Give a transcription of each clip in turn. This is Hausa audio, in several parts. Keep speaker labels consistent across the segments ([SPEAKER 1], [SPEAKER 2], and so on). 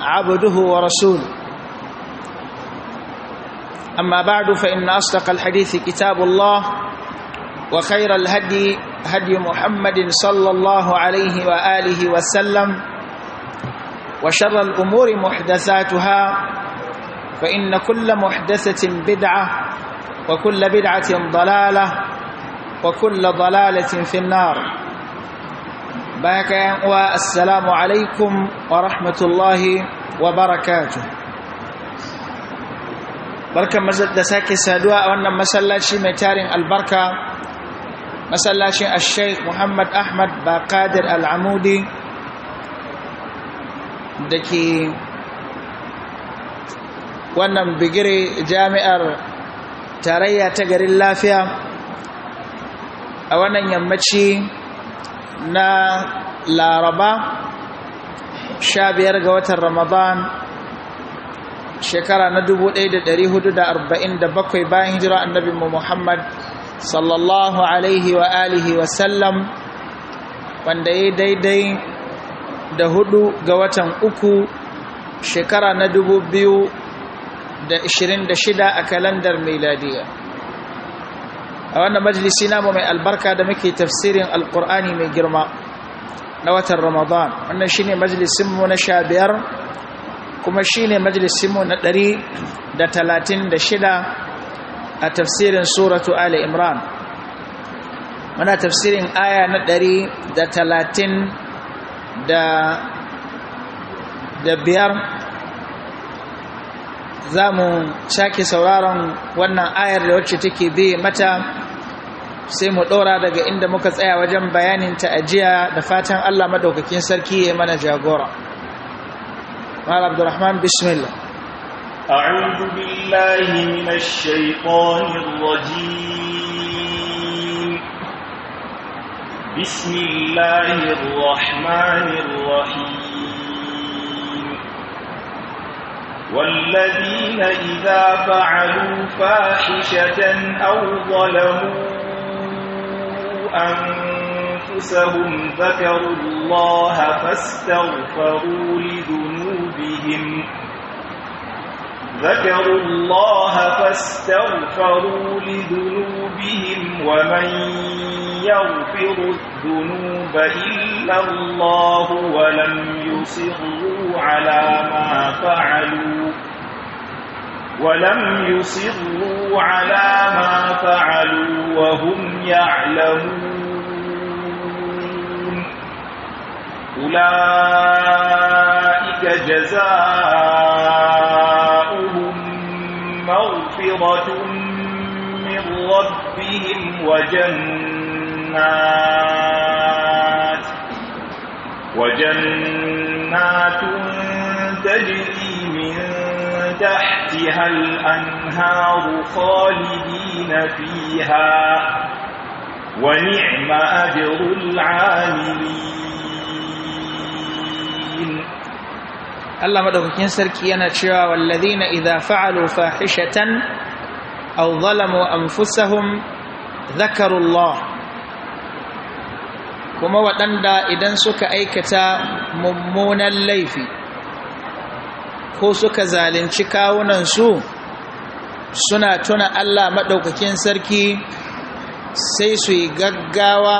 [SPEAKER 1] عبده ورسوله أما بعد فإن أصدق الحديث كتاب الله وخير الهدي هدي محمد صلى الله عليه وآله وسلم وشر الأمور محدثاتها فإن كل محدثة بدعة وكل بدعة ضلالة وكل ضلالة في النار baka yan uwa assalamu alaikum wa rahmatullahi wa barakatu barkan da sake saduwa a wannan masallaci mai tarin albarka masallacin al muhammad ahmad bakadir al-amudi da ke wannan bigire jami'ar tarayya ta garin lafiya a wannan yammaci na laraba sha biyar ga watan ramadan shekara na 1447 bayan hijira annabi muhammad sallallahu alaihi wa alihi wa sallam wanda ya daidai da hudu ga watan uku shekara na shida a kalandar miladiya a wannan majalisi namu mai albarka da muke tafsirin alkur'ani mai girma na watan ramadan wannan shine majalisinmu na sha biyar kuma shine majalisinmu na ɗari da talatin da shida a tafsirin suratu ali imran muna tafsirin aya na ɗari da talatin da biyar za mu sake sauraron wannan ayar da wacce take bi mata sai mu ɗora daga inda muka tsaya wajen bayanin ta'ajiya da fatan Allah madaukakin sarki ya mana jagora Mal Abdurrahman bismillah
[SPEAKER 2] A'udhu billahi minash shaitanir rajim Bismillahir rahmanir rahim والذين إذا فعلوا فاحشة أو ظلموا أنفسهم ذكروا الله فاستغفروا لذنوبهم ذكروا الله فاستغفروا لذنوبهم ومن يغفر الذنوب إلا الله ولم يصروا على ما فعلوا ولم يصروا على ما فعلوا وهم يعلمون أولئك جزاؤهم مغفرة من ربهم وجنات وجنات تجري من تحتها الأنهار خالدين فيها ونعم أجر العاملين
[SPEAKER 1] الله مدوكين سركي أنا شوى والذين إذا فعلوا فاحشة أو ظلموا أنفسهم ذكروا الله kuma waɗanda idan suka aikata mummunan laifi ko suka zalunci kawunansu suna tuna Allah maɗaukakin sarki sai su yi gaggawa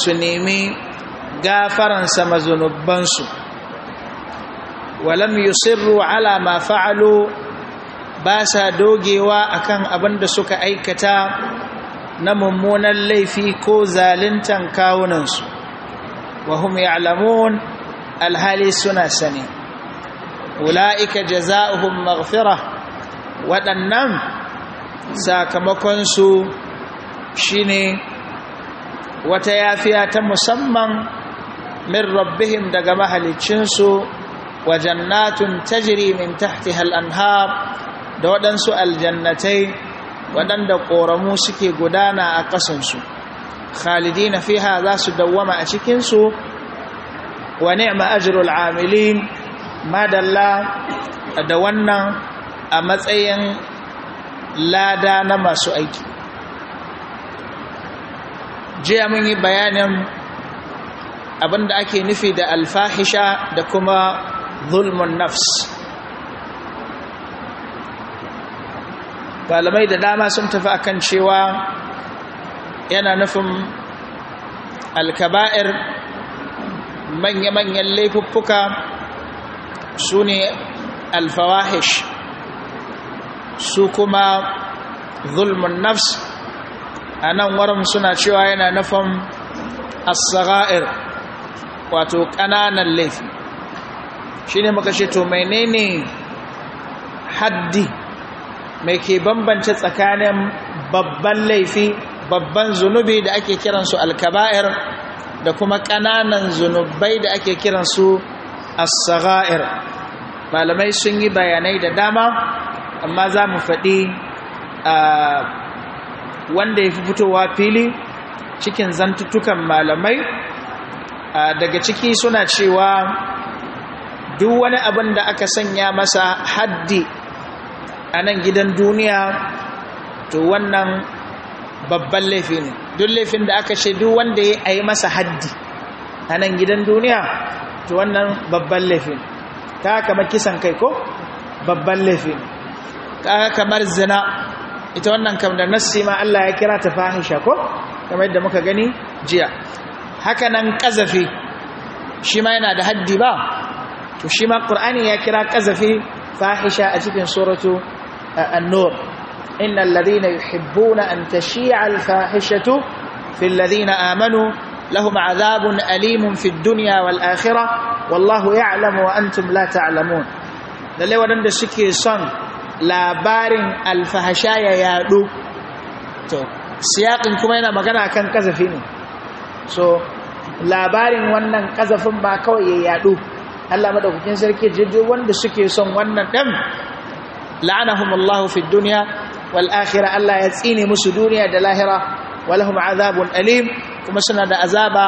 [SPEAKER 1] su nemi gafaransa mazunubbansu walam yusirru ala ma fa'alu ba sa dogewa akan abin da suka aikata na mummunan laifi ko zaluntan kawunansu wa hum ya'lamun alhali suna sani ula'ika jaza'uhum maghfira waɗannan sakamakonsu shine wata yafiya ta musamman min rabbihim daga mahalicinsu wa jannatun tajri min tahtiha al-anhar da waɗansu aljannatai waɗanda ƙoramu suke gudana a ƙasansu khalidina fiha za su dawwama a cikinsu wa ni'ma ajrul amilin madalla da wannan a matsayin lada na masu aiki jiya mun yi bayanin abin da ake nufi da alfahisha da kuma zulmun nafs malamai da dama sun tafi a kan cewa yana nufin alkaba'ir manya-manyan laifuffuka su ne alfawahish su kuma zulmun nafs a nan warin suna cewa yana nufin asaga'ir wato ƙananan laifi shi ne muka ce to menene haddi mai ke bambance tsakanin babban laifi babban zunubi da ake kiransu alkaba'ir da kuma ƙananan zunubai da ake kiransu as-sagha'ir malamai sun yi bayanai da dama amma za mu faɗi wanda ya fi fitowa fili cikin zantutukan malamai daga ciki suna cewa duk wani abin da aka sanya masa haddi a nan gidan duniya to wannan babban laifi ne duk laifin da aka ce duk wanda ya yi masa haddi a nan gidan duniya to wannan babban laifin ta kamar kisan kai ko babban laifin ta kamar zina ita wannan kam da nassi ma Allah ya kira ta fahisha ko kamar yadda muka gani jiya haka nan kazafi shi ma yana da haddi ba to shi ma qur'ani ya kira kazafi fahisha a cikin suratu an-nur innal ladina yuhibbuna an tashi'a al-fahishatu fil ladina amanu لهم عذاب أليم في الدنيا والآخرة والله يعلم وأنتم لا تعلمون للي ودن سكي صن labarin siyaƙin kuma yana magana kan kazafi ne so ba kawai ya yadu Allah madaukakin sarki jiddu wanda suke son wannan ɗan la'anahumullahu fi duniya wal Allah ya tsine musu duniya da lahira walahum azabun alim kuma suna da azaba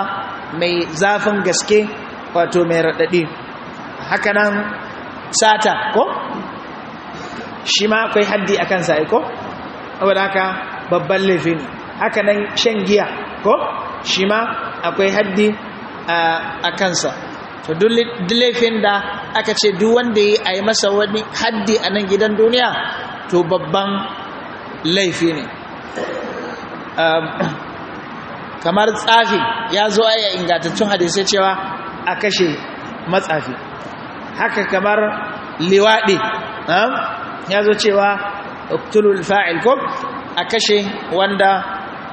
[SPEAKER 1] mai zafin gaske wato mai raɗaɗi nan sata ko shi ma akwai haddi a kansa ko wadda haka babban laifi ne haka nan shan giya ko shi ma akwai haddi a kansa to duk laifin da aka ce duk wanda ya a yi masa wani haddi a nan gidan duniya to babban laifi ne kamar tsafi ya zo a ingantattun hadisai cewa a kashe matsafi haka kamar liwaɗi ya zo cewa uktulul fa'il ko a kashe wanda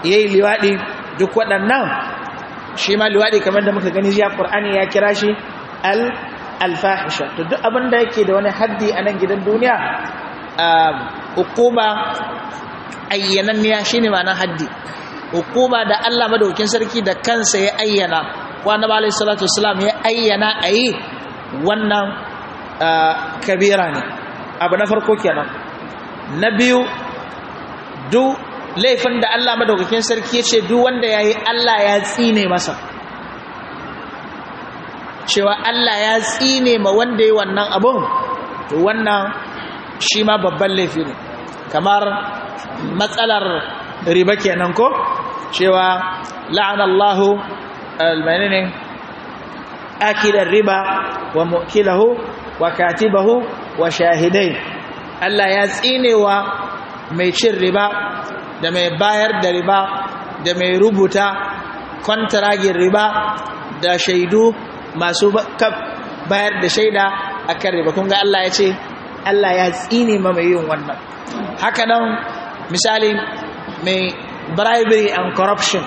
[SPEAKER 1] ya yi liwaɗi duk waɗannan shi ma liwaɗi kamar da muka gani ya ƙur'ani ya kira shi al-alfahisha to duk abin da yake da wani haddi a nan gidan duniya um, hukuma ayyananniya shi ne ma haddi hukuma da Allah madaukin sarki da kansa ya ayyana ko annabi alaihi salatu wasalam ya ayyana ayi wannan kabira ne abu na farko kenan na biyu du laifin da Allah madaukakin sarki ya ce duk wanda yayi Allah ya tsine masa cewa Allah ya tsine ma wanda yi wannan abun to wannan shi ma babban laifi ne kamar matsalar riba kenan ko cewa la'anallahu almanini akilar riba wa mukilahu wa katibahu wa shahidai Allah ya tsinewa mai cin riba da mai bayar da riba da mai rubuta kwantaragin riba da shaidu masu bayar da shaida a kan riba kun ga Allah ya ce Allah ya tsine ma mai yin wannan haka nan misali mai bribery and corruption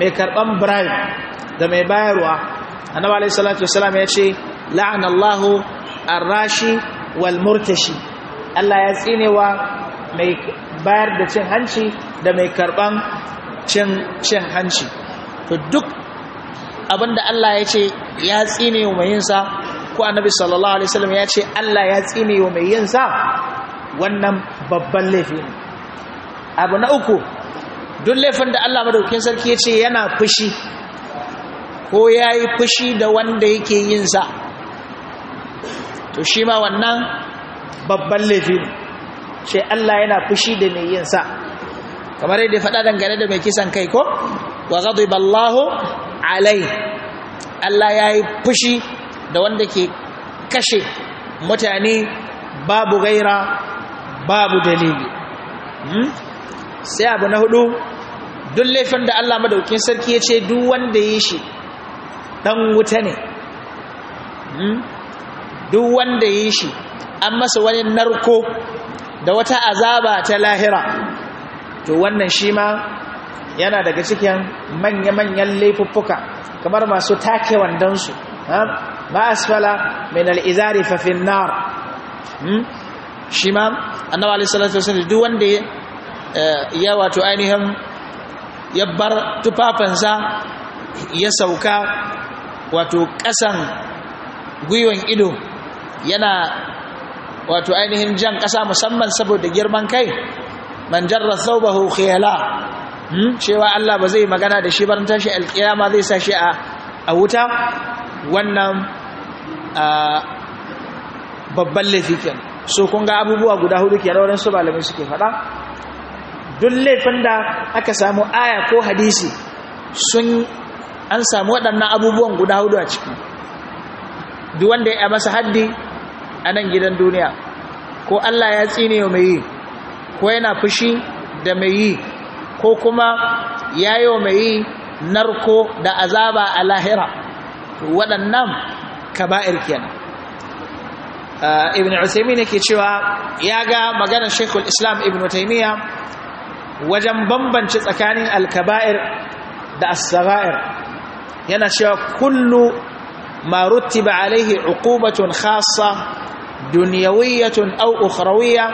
[SPEAKER 1] mai karban bribe da mai bayarwa annabi alaihi salatu wasallam ya ce la'ana Allahu ar-rashi wal murtashi Allah ya tsinewa mai bayar da cin hanci da mai karban cin hanci to duk abinda Allah ya ce ya tsine wa mai yinsa ko annabi sallallahu alaihi wasallam ya ce Allah ya tsine wa mai yinsa wannan babban laifi ne abu na uku duk laifin da Allah madaukin sarki ya ce yana fushi ko ya yi fushi da wanda yake yin sa to shi ma wannan babban laifin ce Allah yana fushi da mai yin sa kamar yadda faɗa dangane da mai kisan kai ko wa ghadiballahu alai Allah ya yi fushi da wanda ke kashe mutane babu gaira babu dalili hmm? sai abu na hudu duk laifin da Allah madaukin sarki ya ce duk wanda ya shi dan wuta ne hmm? duk wanda ya shi an masa wani narko da wata azaba ta lahira to wannan shi ma yana daga cikin manya-manyan laifuffuka kamar masu take wandansu ma asfala min al'izari fafin nar hmm? shi ma annawa alaihi salatu wasu duk wanda Eh, ya wato ainihin ya bar tufafinsa ya sauka wato ƙasan gwiwan ido yana wato ainihin jan ƙasa musamman saboda girman kai man jarra thawbahu khiyala hmm? cewa Allah ba zai magana da shi barin tashi alƙiyama zai sa shi a wuta wannan ah, babban laifi kenan so kun ga abubuwa guda hudu kenan waɗansu malamai suke faɗa duk laifin da aka samu aya ko hadisi sun an samu waɗannan abubuwan guda hudu a ciki duk wanda ya masa haddi a nan gidan duniya ko Allah ya tsine mai yi ko yana fushi da mai yi ko kuma ya yi mai yi narko da azaba a lahira waɗannan kaba'ir kenan ah, ibn ne ke cewa ya ga maganar shekul islam ibn taimiyya wajen bambance tsakanin alkaba'ir da asaba'ir yana cewa kullu ma ba alaihi uqubatun khasa dunyawiyyatun aw ukhrawiyya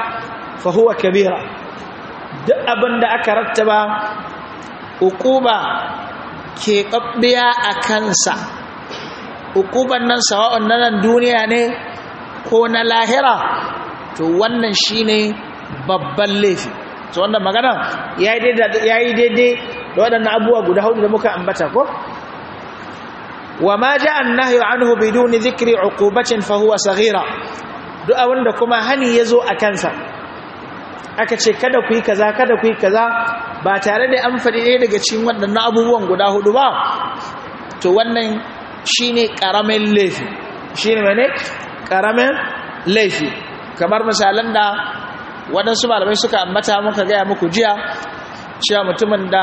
[SPEAKER 1] fa huwa kabira duk da aka rattaba uquba ke a akansa uquban nan sawa'un nan duniya ne ko na lahira to wannan shine babban laifi so wannan magana ya yi daidai da waɗannan abubuwa guda hudu da muka ambata ko wa ma ja annahyu anhu biduni zikiri uqubatin fa fahuwa sahira duk wanda kuma hani ya zo a kansa aka ce kada ku yi kaza kada ku yi kaza ba tare da an faɗi ɗaya daga cikin waɗannan abubuwan guda hudu ba to wannan shine ƙaramin laifi Shi ne mene Ƙaramin laifi kamar misalan da waɗansu malamai suka ambata muka gaya muku jiya cewa mutumin da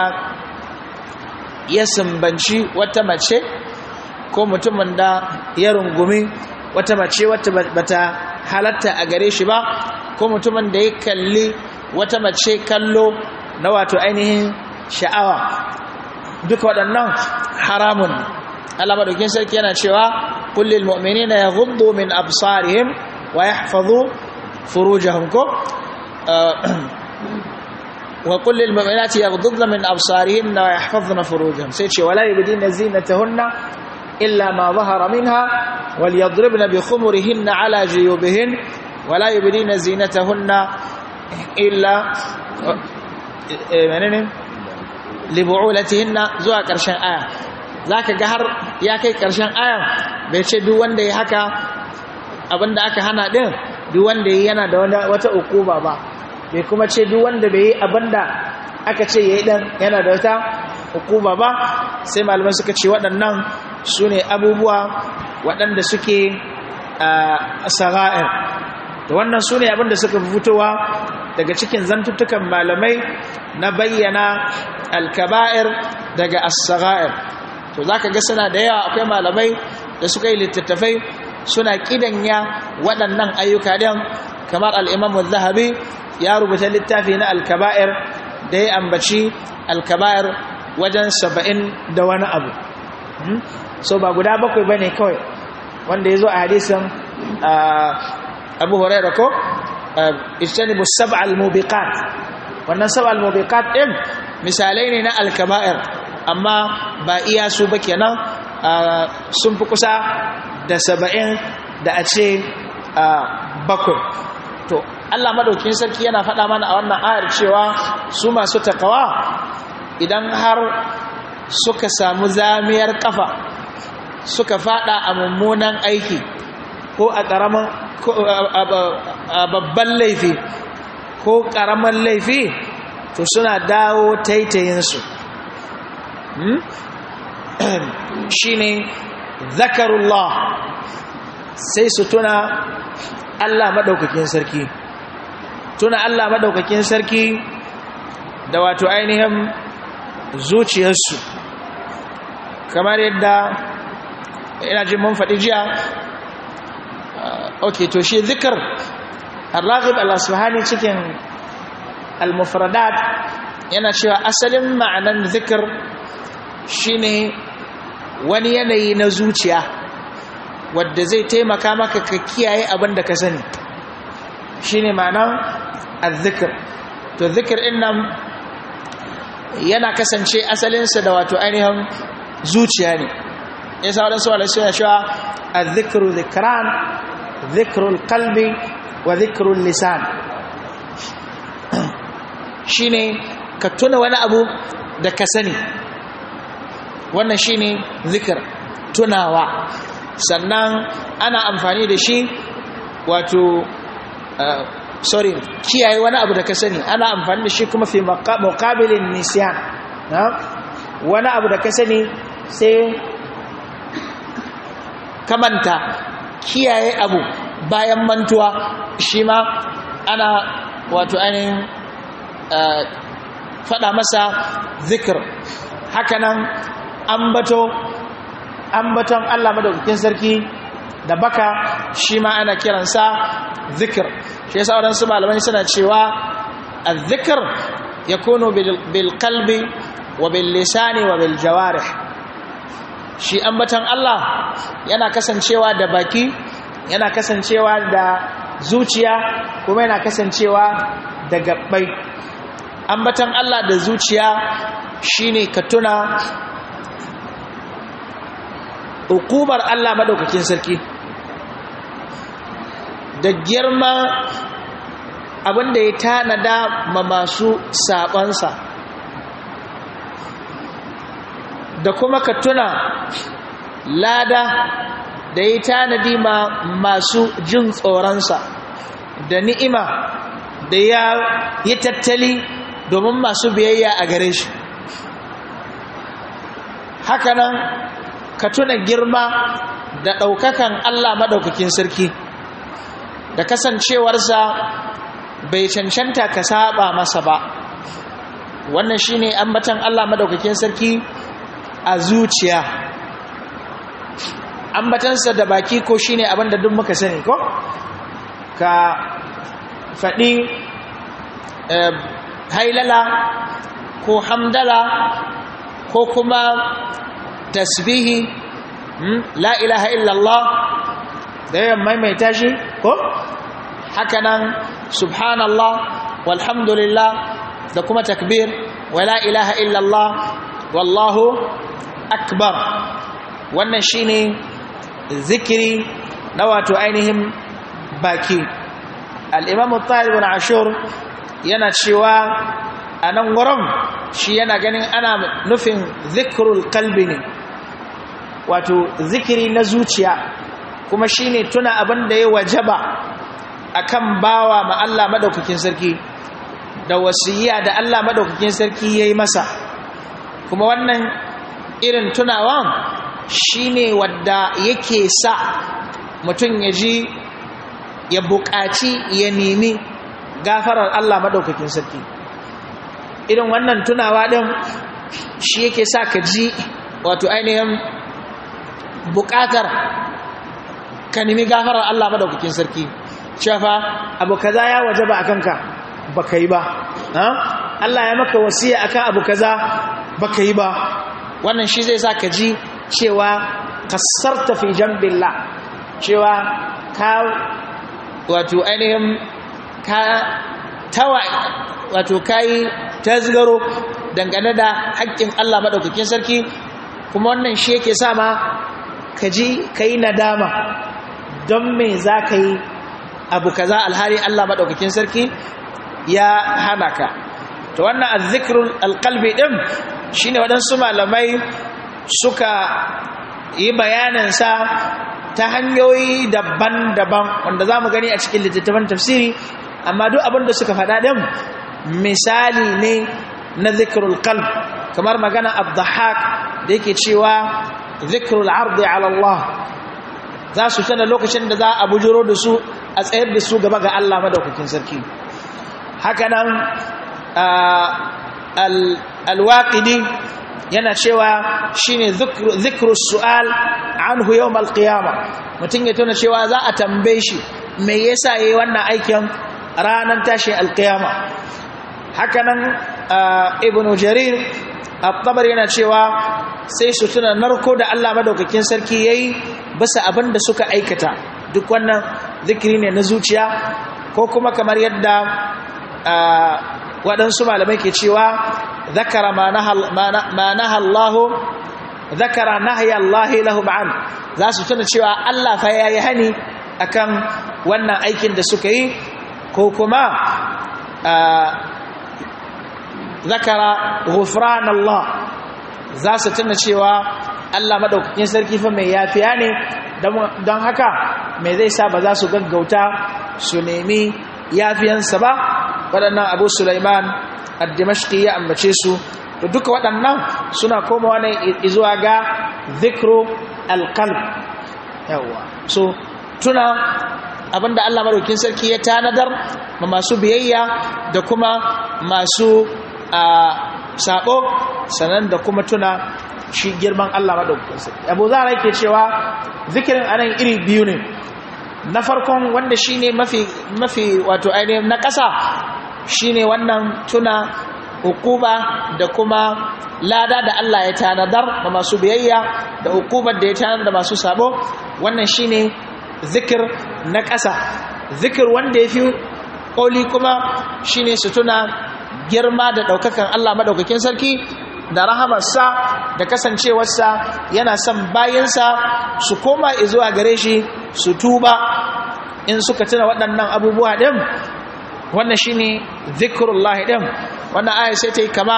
[SPEAKER 1] ya sumbanci wata mace ko mutumin da ya rungumi wata mace wata bata halatta a gare shi ba ko mutumin da ya kalli wata mace kallo na wato ainihin sha'awa duka waɗannan haramun alamadokin sarki yana cewa kullum kullil mu'minina yaghuddu min absarihim wa yahfazu furujahum ko wa kullil mu'minati yaghdudna min absarihinna wa yahfazna furujahan sai ce wala yubdina zinatahunna illa ma zahara minha wal yadribna bi khumurihinna ala juyubihin wala yubdina zinatahunna illa menene libu'ulatihinna zuwa karshen aya zaka ga har ya kai karshen aya bai ce duk wanda ya haka abinda aka hana ɗin? duk wanda yana da wata ukuba ba bai kuma ce duk wanda bai yi abin da aka ce ya yi ɗan yana da wata hukuma ba sai malamai suka ce waɗannan su ne abubuwa waɗanda suke sara'ir da wannan su ne abin da suka fi fitowa daga cikin zantuttukan malamai na bayyana alkaba'ir daga as-sara'ir to ka ga suna da yawa akwai malamai da suka yi littattafai suna ƙidanya waɗannan ayyuka din kamar al'imamun zahabi ya rubuta littafi na alkaba'ir da ya ambaci alkaba'ir wajen saba'in da wani abu hmm? so ba guda bakwai ba ne kawai wanda ya zo a hadisin abu huraira ko ijtanibu sab'al mubiqat wannan sab'al mubiqat din misalai ne na alkaba'ir amma ba iya su ba kenan sun fi kusa da saba'in da a ce bakwai Allah madaukin sarki yana faɗa mana a wannan ayar cewa su masu takawa idan har suka samu zamiyar kafa suka faɗa a mummunan aiki ko a ƙaramin babban laifi ko ƙaramin laifi to suna dawo taitayinsu hmm? shi ne zakarullah sai su tuna Allah maɗaukakin sarki tuna Allah madaukakin sarki da wato ainihin zuciyarsu kamar yadda ina jin mun faɗi jiya uh, ok to shi zikar, al-raghib al-asfahani cikin al-mufradat yana cewa asalin ma'anan zikar shine wani yanayi na zuciya wadda zai taimaka maka ka kiyaye abin da ka sani shine ma'anar azzikir to zikir ɗin nan yana kasance asalinsa da wato ainihin zuciya ne ya sa waɗansu wadda suna cewa azzikiru zikiran zikirul kalbi wa zikirul lisan shine ka tuna wani abu da ka sani wannan shine zikir tunawa sannan ana amfani da shi wato Uh, sorry kiyaye wani abu da ka sani ana amfani da shi kuma fi nisiyan nisyan wani abu da ka sani sai kamanta kiyaye abu bayan mantuwa shi ma ana wato ainihin uh, faɗa masa zikir hakanan an ambaton Allah madaukakin sarki da baka shi ma ana kiransa zikir shi yasa wadansu malamai suna cewa azzikir ya bil bilkalbi wa ne wa biljawarih shi ambatan Allah yana kasancewa da baki yana kasancewa da zuciya kuma yana kasancewa da gabbai ambatan Allah da zuciya shine ka tuna hukumar Allah madaukakin sarki da girma abinda ya tanada ma masu saɓansa da kuma ka tuna lada da ya tanadi ma masu jin tsoronsa da ni'ima da ya yi tattali domin masu biyayya a gare shi haka nan ka tuna girma da ɗaukakan Allah maɗaukakin sarki da kasancewarsa bai cancanta ka saba masa ba wannan shine ambatan Allah madaukakin sarki a zuciya ambatansa da baki ko shine abin da duk muka sani ko ka faɗi eh, hailala ko hamdala ko kuma tasbihi hmm, la ilaha illallah da yawan maimaita shi ko haka nan subhanallah walhamdulillah da kuma takbir wala ilaha illallah wallahu akbar wannan shine zikiri na wato ainihin baki al-imam al-talib ashur yana cewa anan nan shi yana ganin ana nufin zikirul kalbi ne wato zikiri na zuciya kuma shine tuna abin da ya wajaba akan bawa ma Allah madaukakin sarki da wasiyya da Allah madaukakin sarki yayi masa kuma wannan irin tunawan shine wadda yake sa mutum ya ji ya buƙaci ya nemi gafarar Allah madaukakin sarki irin wannan tunawa din shi yake sa ka ji wato ainihin buƙatar ka nemi gafarar Allah madaukakin sarki shafa abu kaza ya wajaba ba ka yi ba Allah ya maka wasiya akan abu kaza baka yi ba wannan shi zai sa ka ji cewa kasarta fi jambillah cewa ka wato ainihin ka tawa wato kai tazgaro dangane da haƙƙin Allah madaukakin sarki kuma wannan shi yake sa ma ka ji kai nadama don me za ka yi abu kaza alhari Allah maɗaukakin sarki ya hana ka to wannan azzikrul alqalbi ɗin shine waɗansu malamai suka yi bayaninsa ta hanyoyi daban-daban wanda za mu gani a cikin littattafan tafsiri amma duk abin da suka faɗa ɗin misali ne na zikirul kalb kamar magana abdahak da yake cewa zikirul ardi alallah za su tana lokacin da za a bujuro da su a tsayar da su gaba ga Allah madaukakin sarki hakanan alwaƙidi yana cewa shine zikru su'al anhu al qiyama mutum ya tana cewa za a tambaye shi me yasa yayi wannan aikin ranar tashi alqiyama hakanan ibnu jarir abbar yana cewa sai su tuna narko da Allah madaukakin sarki yayi basa abin da suka aikata duk wannan zikiri ne na zuciya ko kuma kamar yadda waɗansu malamai ke cewa zakara ma naha zakara nahya Allah za su tuna cewa Allah fa yayi hani akan wannan aikin da suka yi ko kuma zakara ghufran Allah za su tuna cewa Allah madaukakin sarki fa mai yafiya ne don haka mai zai sa ba za su gaggauta su nemi yafiyansa ba waɗannan abu sulaiman addimashki ya ambace su to duka waɗannan suna komawa ne zuwa ga zikro alkalb yawwa so tuna abinda Allah maraukin sarki ya tanadar ma masu biyayya da kuma masu a sabo sanan da kuma tuna shi girman Allah madaukakin sarki Abu Zar yake cewa zikirin anan iri biyu ne na farkon wanda shine mafi mafi wato ainihin na ƙasa shine wannan tuna hukuba da kuma lada da Allah ya tanadar da masu biyayya da hukumar da ya tanadar da masu sabo wannan shine zikir na ƙasa zikir wanda ya fi ƙoli kuma shine su tuna girma da ɗaukakan Allah maɗaukakin sarki da rahamarsa da kasancewarsa yana son bayansa su koma zuwa gare shi su tuba in suka tuna waɗannan abubuwa ɗin wannan shi ne zikirullahi ɗin wannan aya sai ta yi kama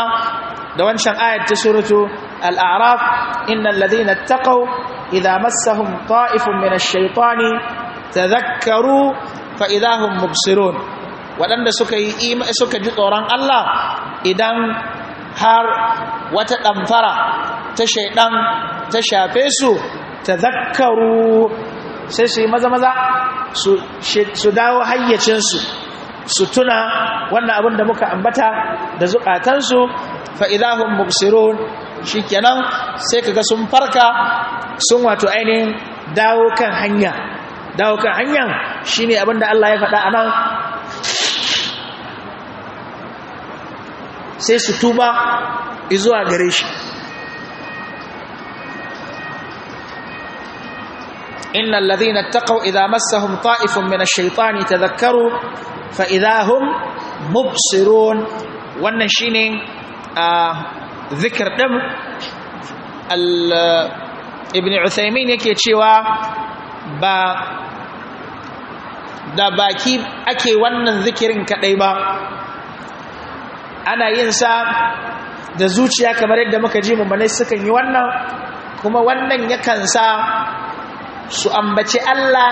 [SPEAKER 1] da wancan ayar ta suratu al'araf inna ladina taqaw idza massahum ta'ifun min ash-shaytani tadhakkaru fa idahum mubsirun waɗanda suka yi suka ji tsoron Allah idan har wata ɗamfara ta shaiɗan ta shafe su ta zakaru sai su yi maza-maza su dawo hayyacinsu su tuna wannan abin da muka ambata da zukatansu fa'idahun mubsirun shi kenan sai kaga sun farka sun wato ainihin dawo kan hanya dawo kan hanyar shi ne abin da Allah ya faɗa a nan sai su tuba izuwa gare shi inna alladhina taqaw idha massahum ta'ifun min ash-shaytani tadhakkaru fa idha hum mubsirun wannan shine zikr dam ibn uthaymin yake cewa ba da baki ake wannan zikirin kadai ba ana yin sa da zuciya kamar yadda muka ji mummanai sukan yi wannan kuma wannan yakan sa su ambaci Allah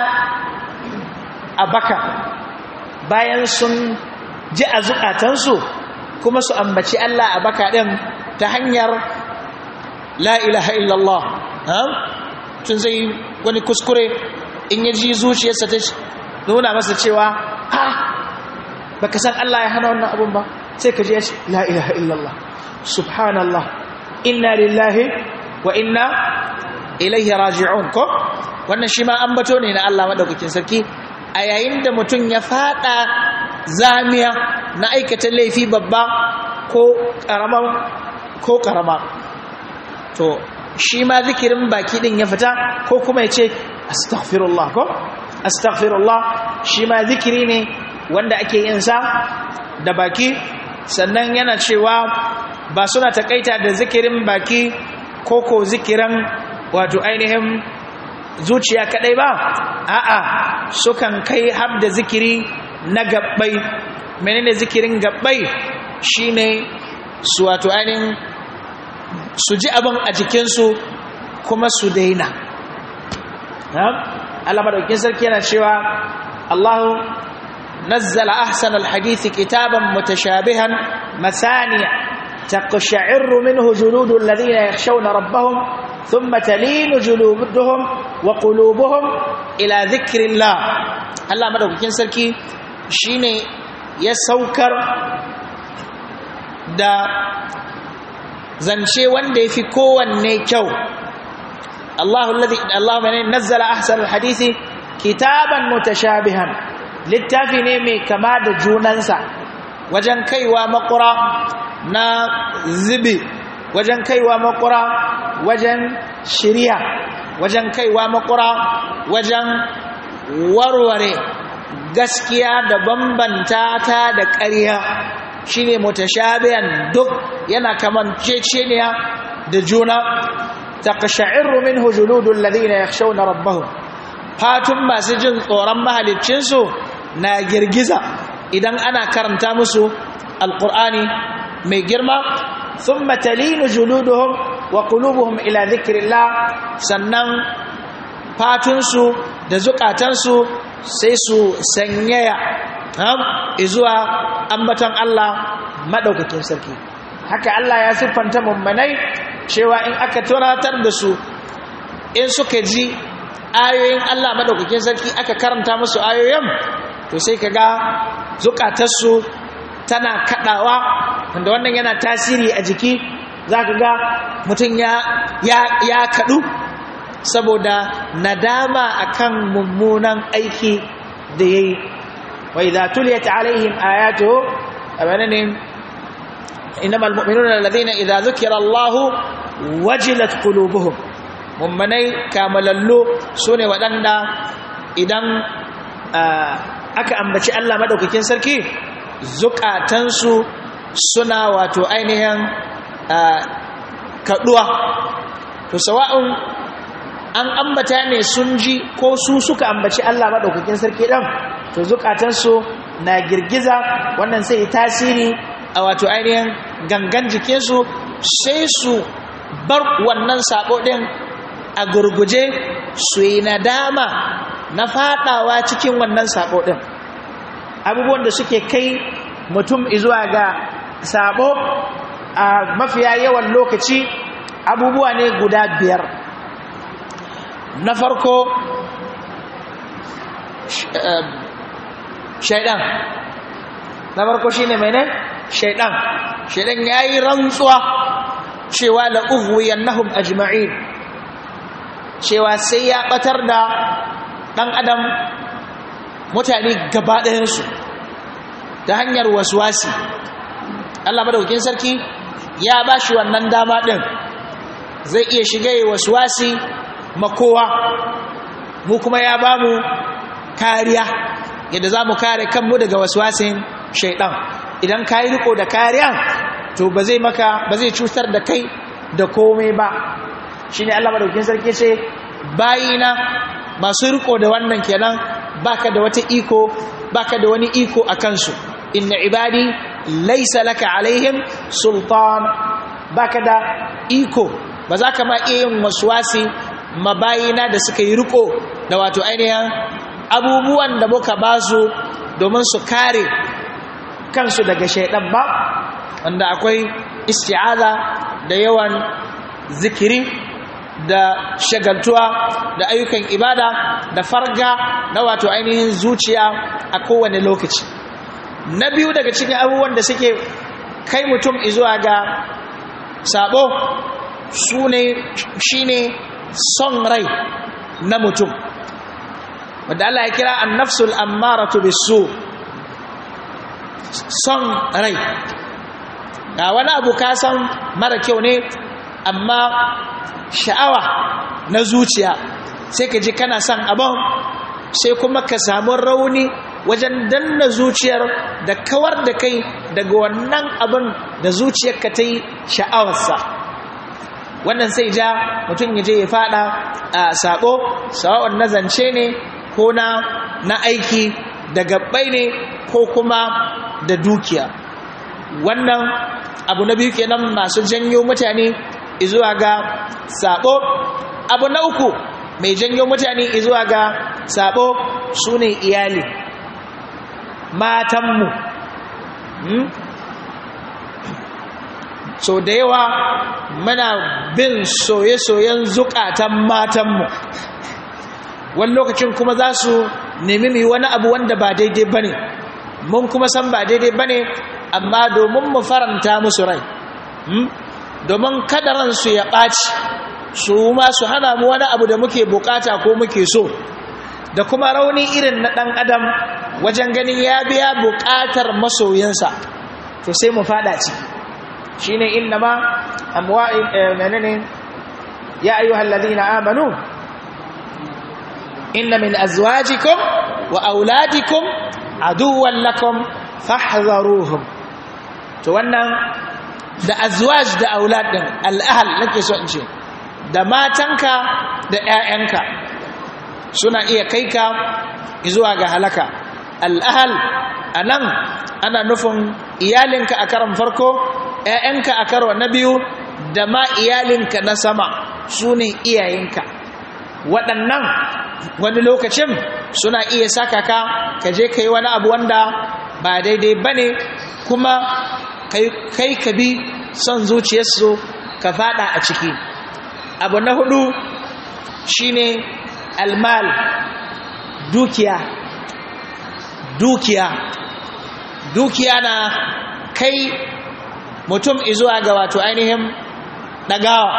[SPEAKER 1] a baka bayan sun ji a zukatansu kuma su ambaci Allah a baka ɗin ta hanyar la ilaha illallah tun zai wani kuskure in ya ji zuciyarsa ta nuna masa cewa ha ah, baka san Allah ya hana wannan abun ba sai ka je la ilaha illallah subhanallah inna lillahi wa inna ilaihi raji'un ko wannan shi ma ambato ne na Allah madaukakin sarki a yayin da mutum ya fada zamiya na aikata laifi babba ko karama ko karama to shi ma zikirin baki din ya fita ko kuma ya ce astaghfirullah ko astaghfirullah shi ma zikiri ne wanda ake yin sa da baki sannan yana cewa ba suna takaita da zikirin baki ko ko zikiran wato ainihin zuciya kadai ba a'a sukan kai har da zikiri na gabbai menene zikirin gabbai shine su wato ainihin su ji abin a jikinsu kuma su daina madaukin sarki yana cewa Allahu نزل أحسن الحديث كتابا متشابها مثانيا تقشعر منه جلود الذين يخشون ربهم ثم تلين جلودهم وقلوبهم إلى ذكر الله الله مدوكين سركي شيني يسوكر دا زنشي وندي في fi نيكو الله الذي الله نزل أحسن الحديث كتابا متشابها littafi ne mai kama da junansa wajen kaiwa makura na zibi wajen kaiwa makura wajen shirya wajen kaiwa makura wajen warware gaskiya da bambanta ta da ƙarya shine mutashabihan duk yana kamanceceniya da juna taqsha'irru minhu juludul ladina yakhshawna rabbahum fatun masu jin tsoron mahaliccinsu na girgiza idan ana karanta musu alqur'ani mai girma thumma talinu juluduhum wa qulubuhum ila dhikrillah sannan fatunsu da zukatansu sai su sanyaya izuwa ambatan Allah madaukakin sarki haka Allah ya siffanta mummanai cewa in aka tunatar da su in suka ji ayoyin Allah madaukakin sarki aka karanta musu ayoyin to sai kaga ga zukatarsu tana kaɗawa wanda wannan yana tasiri a jiki za ka ga mutum ya kaɗu saboda nadama akan mummunan aiki da ya yi wa idha tuliyat alaihim ayatu abanin na mu'minuna alladhina idha dhukira Allah wajilat qulubuhum mummanai kamalallu sune waɗanda idan ah, aka ambaci Allah madaukakin sarki zukatansu suna wato ainihin kaduwa to sawa'un an ambata ne sun ji ko su suka ambaci Allah maɗaukakin sarki ɗan. to zukatansu na girgiza wannan sai tasiri a wato ainihin gangan jikinsu sai su bar wannan sabo din a gurguje su yi nadama na fadawa cikin wannan sabo ɗin. abubuwan da suke kai mutum izuwa ga sabo a mafiya yawan lokaci abubuwa ne guda biyar na farko shaidan na farko shine ne shaidan shaidan yi rantsuwa cewa la nahum ajma'in cewa sai ya batar da ɗan adam mutane gaba ɗayansu ta hanyar wasuwasi Allah madaukin sarki ya ba shi wannan dama ɗin zai iya shiga yi wasuwasi makowa mu kuma ya ba mu kariya yadda za mu kare kanmu daga wasuwasin shaiɗan, idan ka yi riko da kariya to ba zai cutar da kai da komai ba shine Allah madaukakin sarki ce bayina masu riko da wannan kenan baka da wata iko baka da wani iko a kansu inna ibadi laysa laka alaihim sultan baka da iko ba za ka ma iya yin waswasi mabayina da suka yi riko da wato ainihin abubuwan da muka ba su domin su kare kansu daga shaidan ba wanda akwai isti'aza da yawan zikiri da shagaltuwa da ayyukan ibada da farga na wato ainihin zuciya a kowane lokaci na biyu daga cikin abubuwan da suke kai mutum izuwa ga sabo su ne shi ne son rai na mutum wadda Allah ya kira an nafsul ammaratu bisu son rai ga wani abu kasan mara kyau ne amma sha'awa na zuciya sai ka ji kana son abin sai kuma ka samu rauni wajen danna zuciyar da kawar da kai daga wannan abin da zuciyarka ta yi sha'awarsa wannan sai ja mutum ya je ya fada a sabo sawa'un na zance ne ko na na aiki da gabbai ne ko kuma da dukiya wannan abu na biyu kenan masu janyo mutane izuwa ga sabo abu na uku mai janyo mutane izuwa ga sabo su ne iyali matanmu hmm? so da yawa muna bin soye-soyen zukatan matanmu wani lokacin kuma za su nemi mai wani abu wanda ba daidai ba ne mun kuma san ba daidai ba ne amma domin mu faranta musu rai hmm? domin kadaran su ya ɓaci su ma su hana mu wani abu da muke bukata ko muke so da kuma rauni irin na ɗan adam wajen ganin ya biya buƙatar masoyinsa to sai mu fada ciki in na ma amwa'in eh, ne ya ayyuhal amanu inna min azwajikum wa auladikum aduwwan lakum fahdharuhum to wannan da azwaj da aulad din al'ahal nake so in ce da matanka da 'ya'yanka suna iya kai ka zuwa ga halaka al'ahal anan ana nufin iyalinka a karon farko 'ya'yanka a karo na biyu da ma iyalinka na sama su ne iyayenka waɗannan wani lokacin suna iya saka ka ka je ka yi wani abu wanda ba daidai ba ne kuma kai ka bi son zuciyarsu ka fada a ciki abu na hudu shine almal dukiya dukiya dukiya na kai mutum izuwa ga wato ainihin dagawa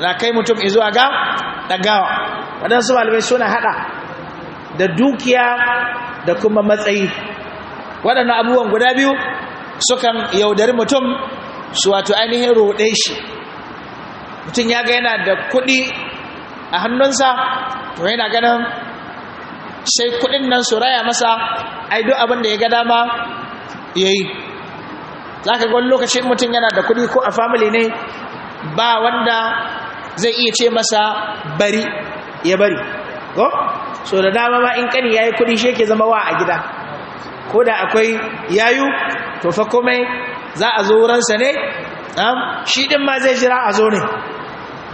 [SPEAKER 1] na kai mutum izuwa ga dagawa waɗansu malamai suna hada da dukiya da kuma matsayi waɗannan abubuwan guda biyu sukan yaudari mutum su wato ainihin roɗe shi mutum ya ga yana da kuɗi a hannunsa to yana ganin sai kuɗin nan su raya masa ai duk abin da ya ga dama ya yi za ka gwani lokacin mutum yana da kuɗi ko a family ne ba wanda zai iya ce masa bari ya bari ko so da dama ma in kani ya yi kuɗi shi yake zama wa a gida ko da akwai yayu to fa komai za a zo wurinsa ne shi ɗin ma zai jira a zo ne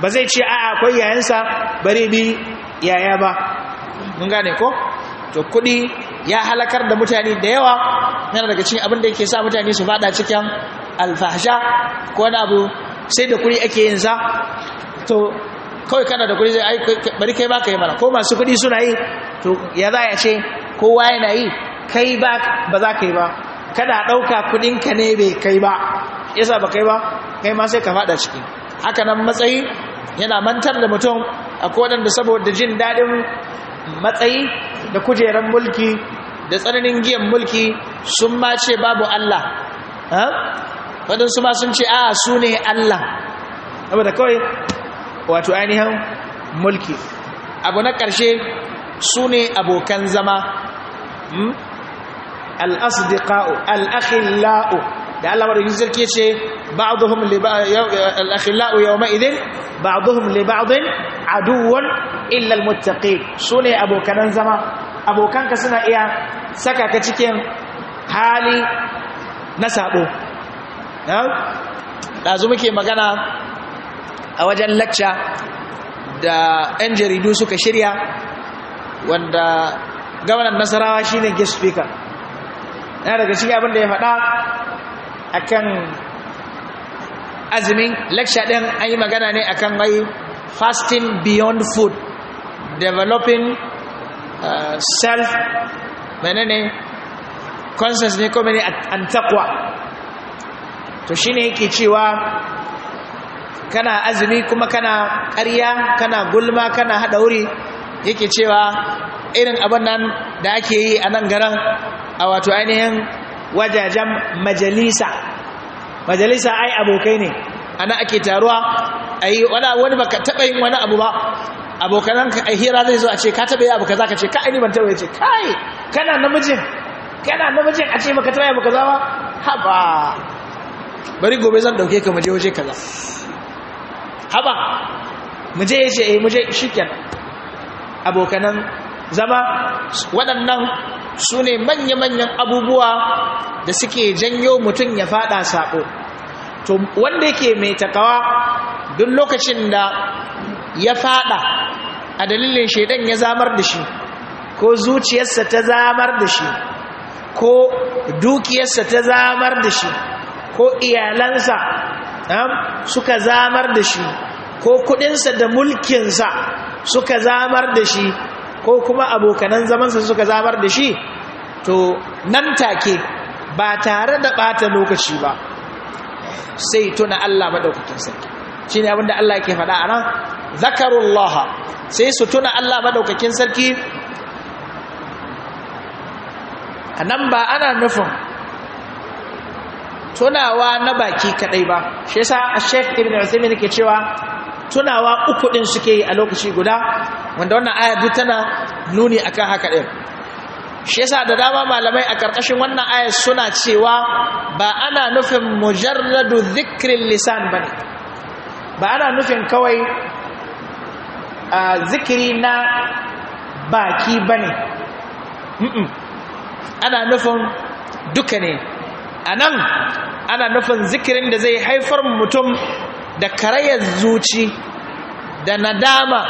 [SPEAKER 1] ba zai ce a akwai yayansa bari bi yaya ba mun gane ko to kuɗi ya halakar da mutane da yawa yana daga cikin abin da yake sa mutane su fada cikin alfahsha ko wani abu sai da kuɗi ake yin sa to kawai kana da kuɗi zai bari kai ba ka yi mana ko masu kuɗi suna yi to ya za ya ce kowa yana yi kai ba ba za ka yi ba kada ɗauka kuɗinka ne bai kai ba yasa ba kai ba kai ma sai ka faɗa ciki haka nan matsayi yana mantar da mutum a akwai da saboda jin daɗin matsayi da kujeran mulki da tsananin giyan mulki sun ma ce babu Allah waɗansu ma sun ce a su ne Allah saboda kawai wato ainihin mulki abu na ƙarshe su ne abokan zama hmm? al-asdiqa'u al-akhillau da Allah madaukin sarki ya ce ba'dhum li al-akhillau yawma idin ba'dhum li ba'din aduwwan illa al-muttaqin sune abokan zama abokanka suna iya saka ka cikin hali na saɓo. ɗazu muke magana a wajen lacca da 'yan jaridu suka shirya wanda gabanan nasarawa shine guest speaker na daga shi abin da ya faɗa kan azumin lecture ɗin an yi magana ne akan wai fasting beyond food developing uh, self menene conscience ne Ko ne an takwa to shi ne yake cewa kana azumi kuma kana ƙarya kana gulma kana haɗa wuri yake cewa irin abin nan da ake yi a nan garan a wato ainihin wajajen majalisa majalisa ai abokai ne ana ake taruwa ai wani wani baka taba yin wani abu ba abokan ka hira zai zo a ce ka taba yi abu kaza ka ce ka ai ban taba ce kai kana namijin kana namijin a ce baka taba yi abu kaza ba haba bari gobe zan dauke ka muje waje kaza haba muje ya ce eh muje shikenan abokanan zama waɗannan su ne manya-manyan abubuwa da suke janyo mutum ya fada saɓo to wanda yake mai takawa duk lokacin da ya fada a dalilin shaidan ya zamar da shi ko zuciyarsa ta zamar da shi ko dukiyarsa ta zamar da shi ko iyalansa suka zamar da shi ko kudinsa da mulkinsa suka zamar da shi ko kuma abokanan zamansa suka zabar da shi to nan take ba tare da ɓata lokaci ba sai tuna Allah maɗaukakin sarki shi ne abinda Allah ke faɗa a nan sai su tuna Allah maɗaukakin sarki a nan ba ana nufin tunawa na baki kaɗai ba shi yasa a sheik ibn usaimin ke cewa tunawa uku ɗin suke yi a lokaci guda wanda wannan aya duk tana nuni akan haka din shi yasa da dama malamai a karkashin wannan aya suna cewa ba ana nufin mujarradu zikirin lisan ba ba ana nufin kawai a zikiri na baki ba ne ana nufin duka ne a ana nufin zikirin da zai haifar mutum da karayar zuci da nadama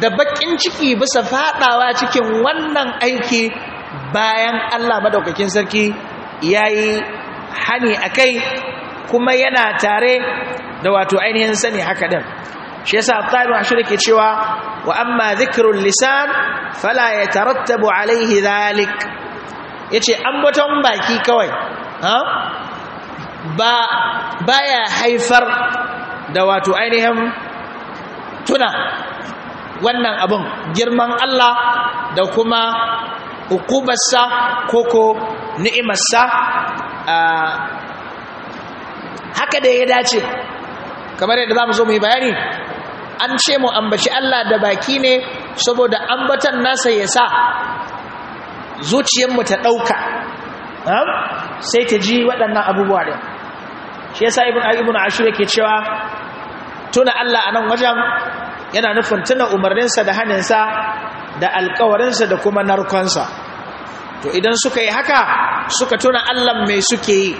[SPEAKER 1] da bakin ciki bisa fadawa cikin wannan aiki bayan Allah madaukakin sarki yayi hani a kai kuma yana tare da wato ainihin sani haka din shi yasa Abdul Ashur ke cewa wa amma dhikrul lisan fala ya yatarattabu alaihi dhalik yace ambaton baki kawai ba baya haifar da wato ainihin tuna wannan abin girman Allah da kuma hukubarsa koko ni'imarsa haka da ya dace kamar yadda za mu zo mu yi bayani an ce mu ambaci Allah da baki ne saboda ambatan nasa ya sa zuciyarmu ta ɗauka sai ta ji waɗannan abubuwa ɗin shi yasa ibn ibn ashur yake cewa tuna Allah a nan wajen yana nufin tuna umarninsa da haninsa da alkawarinsa da kuma narkonsa to idan suka yi haka suka tuna Allah mai suke yi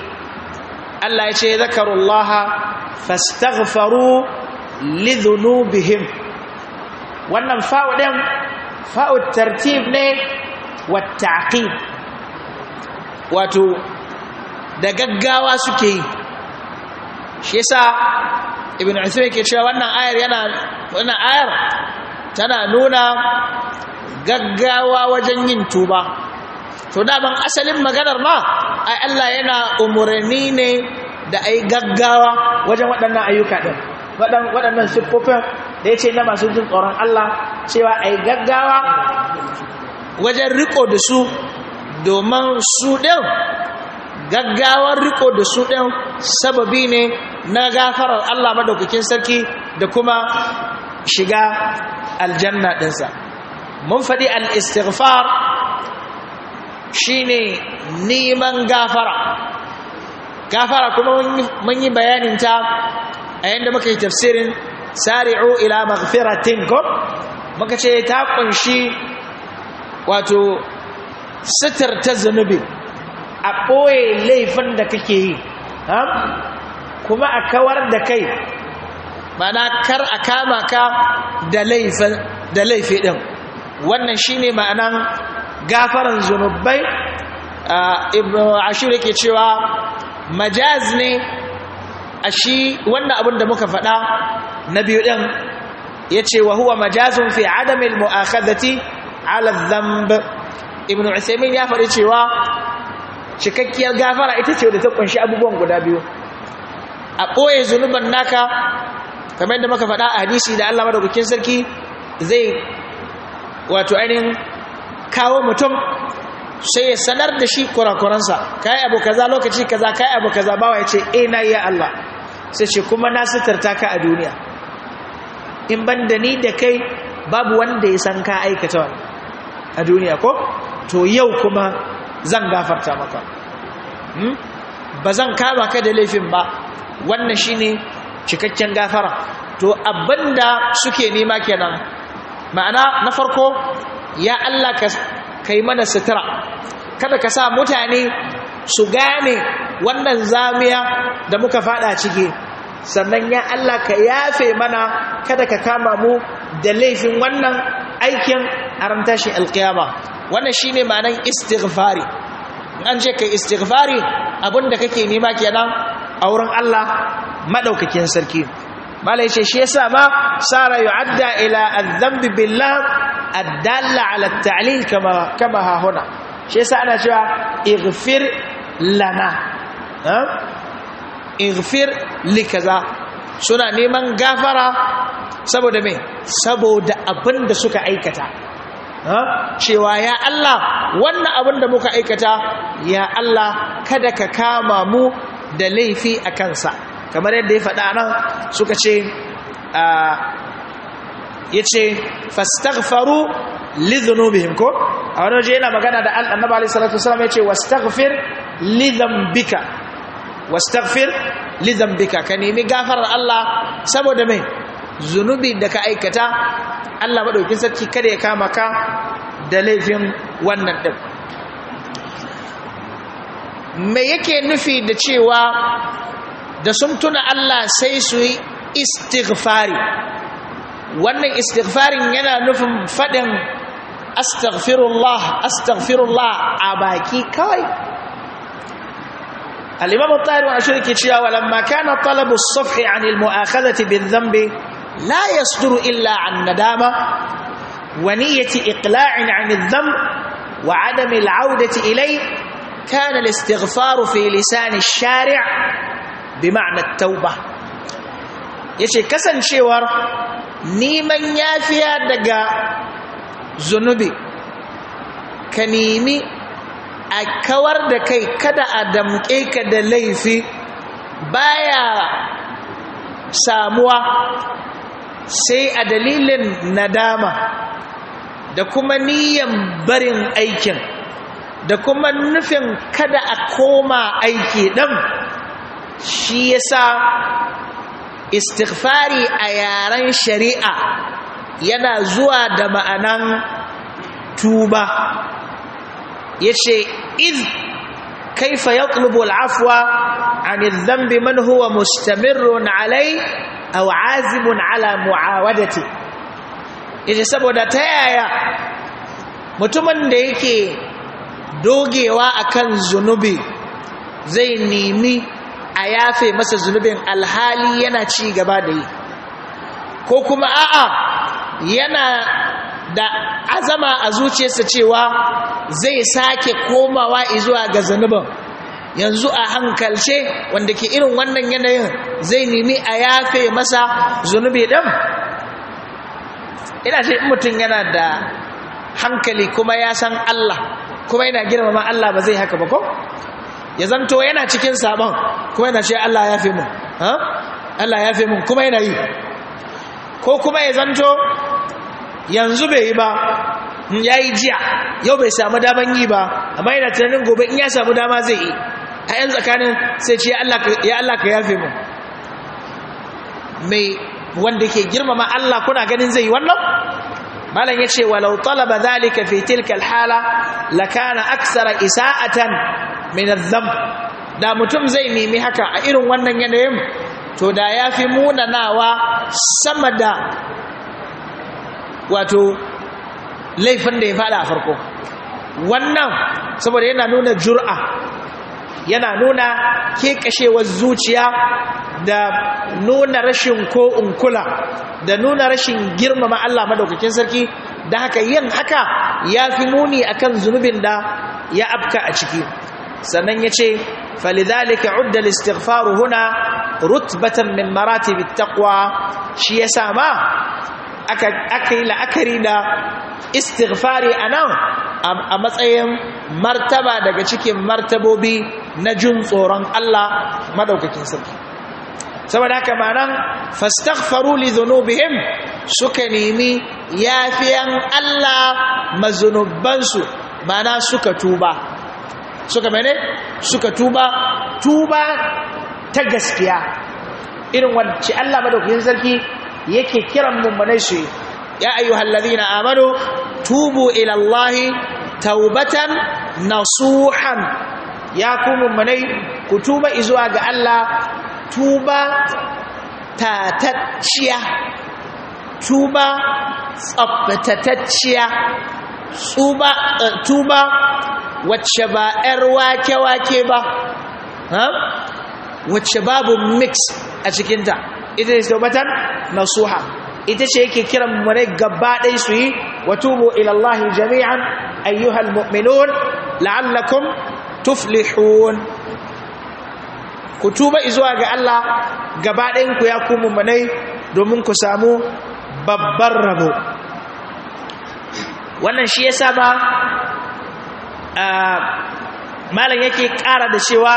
[SPEAKER 1] Allah ya ce zakarullaha fastaghfaru lidhunubihim wannan fa'u din fa'u tartib ne wa ta'qib wato da gaggawa suke yi shi yasa ibn usman yake cewa wannan ayar yana wannan ayar tana nuna gaggawa wajen yin tuba to ban asalin maganar ma ai Allah yana umarni ne da ai gaggawa wajen waɗannan ayyuka ɗin waɗannan siffofin da ya ce na masu jin tsoron Allah cewa ai gaggawa wajen riko da su domin su din gaggawar riko da su ɗin sababi ne na gafarar Allah madaukakin sarki da kuma shiga aljanna ɗinsa mun faɗi al'istighfar shi ne neman gafara gafara kuma mun yi bayanin ta a yadda muka yi tafsirin sari'u ila maghfiratin ko muka ce ta kunshi wato sitar ta zunubi a ɓoye laifin da kake yi kuma a kawar da kai ma'ana kar a kama ka da laifi ɗin wannan shine ma'anan gafaran zunubai ibn ashir yake cewa majaz ne a shi wannan abin da muka faɗa na biyu ɗin ya ce wa huwa majazun fi adamin mu'akadati ala zamb ibn usaimin ya faɗi cewa cikakkiyar gafara ita ce da ta kunshi abubuwan guda biyu a ɓoye zunuban naka kamar yadda muka faɗa a hadisi da Allah madaukakin sarki zai wato ainihin kawo mutum sai ya sanar da shi kurakuransa kai abu kaza lokaci kaza kai abu kaza bawa ya ce eh na ya Allah sai ce kuma na suturta ka a duniya in ban da ni da kai babu wanda ya san ka aikata a duniya ko to yau kuma zan gafarta maka hmm? ba zan kama ka da laifin ba wannan shi ne cikakken gafara to abinda suke nema kenan ma'ana na farko ya Allah ka yi mana sutura kada ka sa mutane su gane wannan zamiya da muka fada ciki sannan ya Allah ka yafe mana kada ka kama mu da laifin wannan aikin aron ran alkiyama wannan shine ma'anar istighfari an je kai istighfari abinda kake nema kenan a wurin Allah madaukakin sarki malai ce shi yasa ma sara yu'adda ila adh-dhanbi billah ad-dalla ala at-ta'lil kama kama ha huna shi yasa ana cewa ighfir lana ha ighfir likaza suna neman gafara saboda me saboda abinda suka aikata cewa ya Allah wannan abin da muka aikata ya Allah kada ka kama mu da laifi a kansa kamar yadda ya faɗa nan suka ce ya ce fastaghfaru lidhunubihim ko a wani waje yana magana da annabi alaihi salatu wasallam ya ce wastaghfir lidhanbika wastaghfir ka nemi gafarar Allah saboda mai zunubi da ka aikata Allah maɗaukin sarki kada ya kama ka da laifin wannan ɗin me yake nufi da cewa da sun tuna Allah sai su yi istighfari wannan istighfarin yana nufin faɗin astaghfirullah astaghfirullah a baki kawai al-imam at-tahir wa ashirki cewa lamma kana talabu as-safhi 'an al-mu'akhadhati bil-dhanbi لا يصدر إلا عن ندامة ونية إقلاع عن الذنب وعدم العودة إليه كان الاستغفار في لسان الشارع بمعنى التوبة يشي كسن شوار نيمن يافيا دقا زنبي كنيمي أكور دكي كدا أدم كيك دليفي بايا ساموا sai a dalilin nadama da kuma niyan barin aikin da kuma nufin kada a koma aiki ɗan, shi yasa istighfari a yaren shari'a yana zuwa da ma'anan tuba ya ce iz kaifa ya ƙulubu al'afuwa a nizambi man huwa mustamirun alai aw azimun ala muawadati yace saboda ta yaya mutumin da yake dogewa akan zunubi zai nemi a yafe masa zunubin alhali yana ci gaba da yi ko kuma a'a yana da azama a zuciyarsa cewa zai sake komawa izuwa ga zunubin yanzu a hankalce wanda ke irin wannan yanayin zai nemi a yafe masa zunubi ɗin ina ce mutum yana da hankali kuma ya san Allah kuma yana girmama Allah ba zai haka ba ko ya zanto yana cikin sabon kuma yana ce Allah ya fi mun Allah ya fi mun kuma yana yi ko kuma ya zanto yanzu bai yi ba ya yi jiya yau bai samu daman yi ba amma yana tunanin gobe in ya samu dama zai yi a yan tsakanin sai ce ya Allah ka yafe mu mai wanda ke girmama Allah kuna ganin zai yi wannan malam ya ce walau talaba zalika fi tilka alhala lakana aksara isa'atan min adh nazam. da mutum zai nemi haka a irin wannan yanayin to da yafi munanawa sama da wato laifin da ya fada a farko wannan saboda yana nuna jur'a yana nuna kekashewar zuciya da nuna rashin ko unkula da nuna rashin girmama Allah madaukakin sarki da haka yin haka ya fi muni akan zunubin da ya afka a ciki sannan ya ce falidhalika udda al huna rutbatan min maratib taqwa shi yasa ma aka yi la'akari da istighfari a nan a matsayin martaba daga cikin martabobi na jin tsoron Allah madaukakin sarki saboda haka manan fastaghfaru li dhunubihim suka nemi yafiyan Allah mazunubansu mana suka tuba suka mene suka tuba tuba ta gaskiya irin wacce Allah madaukakin sarki yake kiran mu su ya ayyuhal ladina amanu tubu ila taubatan nasuhan ya ku mummunai ku tuba izuwa ga Allah tuba tatacciya tuba tsaftatacciya eh, tuba wacce ba 'yar wake-wake ba wacce babu mix a cikinta ita ce taubatan nasuha ita ce yake kiran mu ne gaba suyi su yi wa tubu ilallahi jami'an ayyuhal mu'minun la'allakum tuflihun ku tuba zuwa ga Allah gaba ɗayan ku ya ku mummunai domin ku samu babbar rabo wannan shi ya saba malam yake ƙara da cewa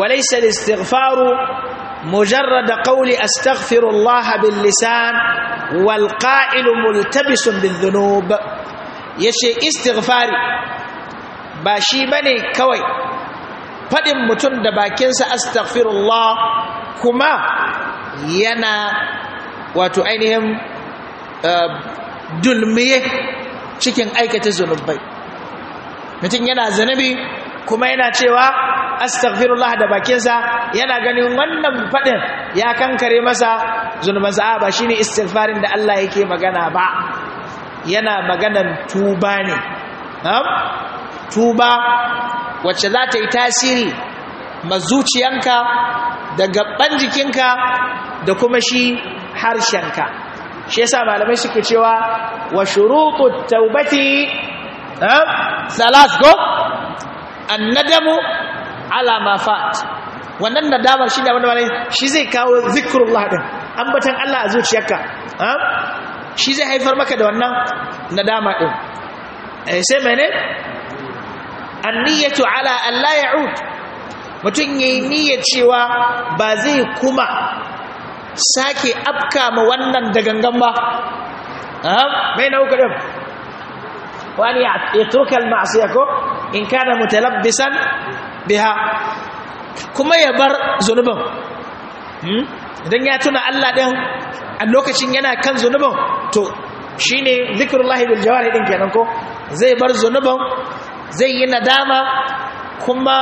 [SPEAKER 1] walaisa istighfaru مجرد قول أستغفر الله باللسان والقائل ملتبس بالذنوب يشي استغفاري باشي بني كوي فدم متن دباكنس أستغفر الله كما ينا وتعينهم دلميه cikin aikata zunubai mutum yana zunubi kuma yana cewa astaghfirullah da bakinsa yana ganin wannan faɗin ya kankare masa sa ba shine istighfarin da Allah yake magana ba yana maganan tuba ne tuba wacce za ta yi tasiri ma mazuciyanka da gaban jikinka da kuma shi harshenka shi yasa malamai suke cewa wa shurutut taubati salas go annadamu ala ma fat wannan nadama shi da wani shi zai kawo zikrullah din ambatan Allah a zuciyarka shi zai haifar maka da wannan nadama din eh, sai mene anniyatu ala an la ya'ud mutum yayi niyyar cewa ba zai kuma sake afka ma wannan da gangan ba mai nauka din wani ya turka al-ma'siyako in kana mutalabbisan biha kuma ya bar zunubin hmm? idan ya tuna Allah din a lokacin yana kan zunubin to shi ne bil jawari din kenan ko zai bar zunubin zai yi nadama kuma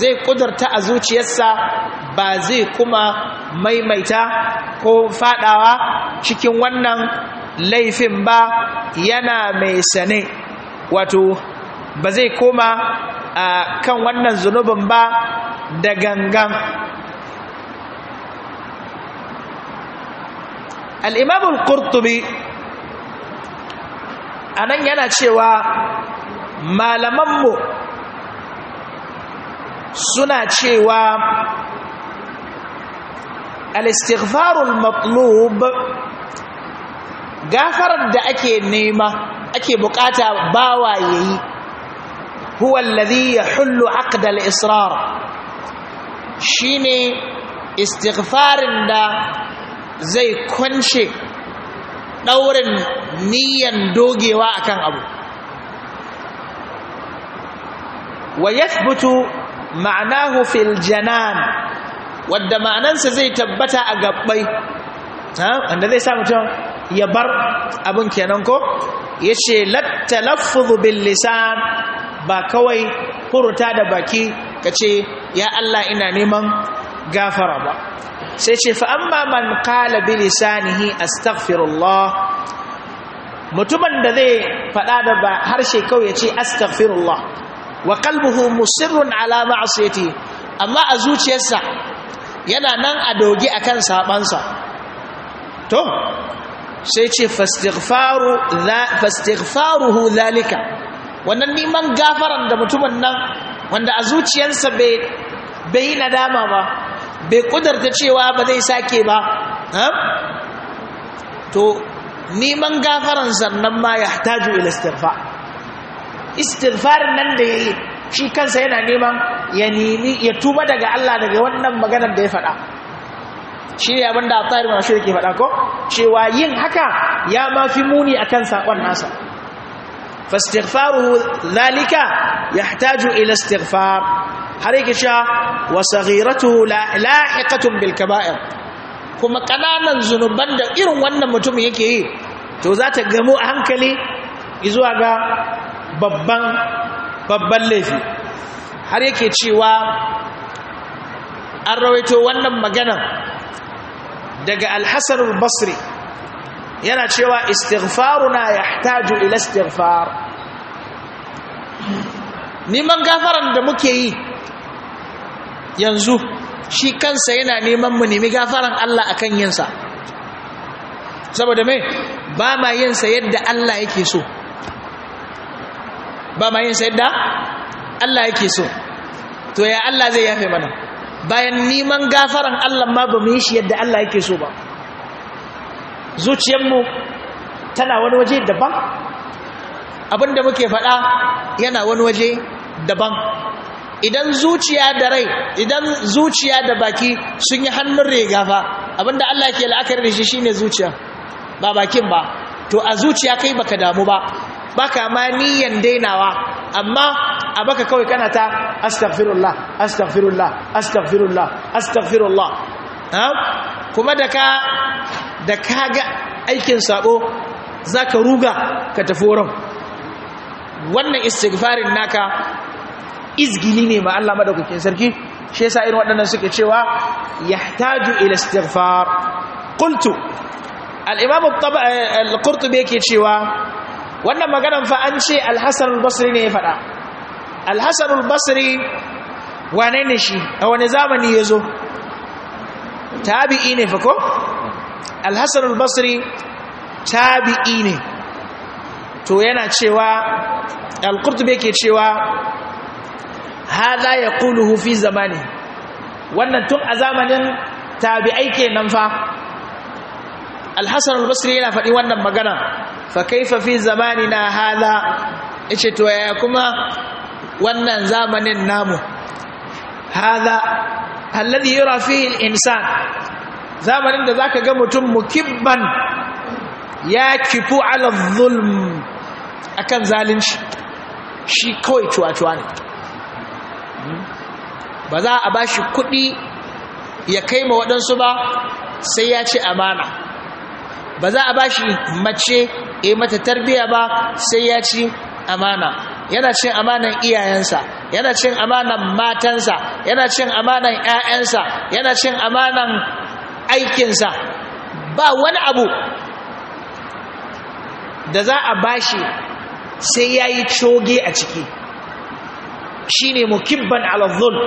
[SPEAKER 1] zai kudurta a zuciyarsa ba zai kuma maimaita ko fadawa cikin wannan laifin ba yana mai sane wato ba zai koma kan wannan zunubin ba da gangan al'imamul kurtubi a nan yana cewa malamanmu suna cewa al’istighfarul matlub gafarar da ake nema ake bukata bawa yayi huwa alladhi yahullu aqdal al-israr shine istighfarin da zai kwance daurin niyan dogewa akan abu wa yathbutu ma'nahu fil janan wadda ma'anansa zai tabbata a gabbai wanda zai sa mutum ya bar abin kenan ko yace lat talaffuz bil lisan ba kawai furuta da baki ka ce ya Allah ina neman gafara ba sai ce fa'amma man kala bi lisanihi astaghfirullah mutumin da zai faɗa da ba harshe kawai ya ce astaghfirullah wa kalbuhu musirrun ala ma'asiyati amma a zuciyarsa yana nan a dogi kan sabansa to sai ce fastighfaruhu zalika wannan neman gafaran da mutumin nan wanda a zuciyarsa bai yi nadama ba bai kudarta cewa ba zai sake ba to neman gafaran sannan ma ya taju ila istirfarin nan da ya yi shi kansa yana neman ya nemi ya tuba daga Allah daga wannan maganar da ya faɗa shi ne abinda a tsarin mashi da ke faɗa ko cewa yin haka ya mafi muni akan saƙon nasa فاستغفاره ذلك يحتاج إلى استغفار حريك شاء وصغيرته لاحقة بالكبائر كما قنانا زنبان دا إرن وانا متوم يكي تو ذات قمو أهنكلي إذو أغا ببان ببان لفي حريك شاء أرويتو rawaito مغانا magana الحسن البصري yana cewa istighfaruna yahtaju ila istighfar neman gafaran da muke yi yanzu shi kansa yana neman mu nemi gafaran Allah akan yinsa saboda me ba ma yinsa yadda Allah yake so ba ma yinsa yadda Allah yake so to ya Allah zai yafe mana bayan neman gafaran Allah ma ba mu yi shi yadda Allah yake so ba zuciyarmu tana wani waje daban abinda muke faɗa yana wani waje daban idan zuciya da rai idan zuciya da baki sun yi hannun riga fa abinda Allah ke la'akari da shi shine zuciya ba bakin ba to a zuciya kai baka damu ba baka ma niyan dainawa amma a baka kawai kana ta astaghfirullah astaghfirullah astaghfirullah astaghfirullah kuma da ka da kaga aikin sabo zaka ruga ka tafi wurin wannan istighfarin naka izgili ne ma Allah madaukakin sarki shi yasa irin waɗannan suke cewa yahtaju ila istighfar qultu al-imam eh, al-qurtubi yake cewa wannan maganar fa an ce al-hasan al-basri ne ya faɗa al-hasan al-basri wane ne shi a wani zamani ya yazo tabi'i ne fa ko alhassan albasri tabi'i ne to yana cewa alkurtube ke cewa hada ya kuluhu hufi zamani wannan tun a zamanin tabi'ai ke nan fa alhassan albasri yana faɗi wannan magana fa kaifafi zamani na hada ce to yaya kuma wannan zamanin namu hada alladhi yura fihi al-insan zamanin da zaka ga mutum mukibban ya kifu ala zulm akan zalunci shi kawai cuwa-cuwa ne hmm? ba za a bashi kuɗi ya kai ma waɗansu ba sai ya ci amana ba za a bashi mace e mata tarbiya ba sai ya ci amana yana cin amanan iyayensa yana cin amanan matansa yana cin amanan 'ya'yansa yana cin amanan aikinsa ba wani abu da za a bashi sai ya yi coge a ciki shine ne mukibban alazul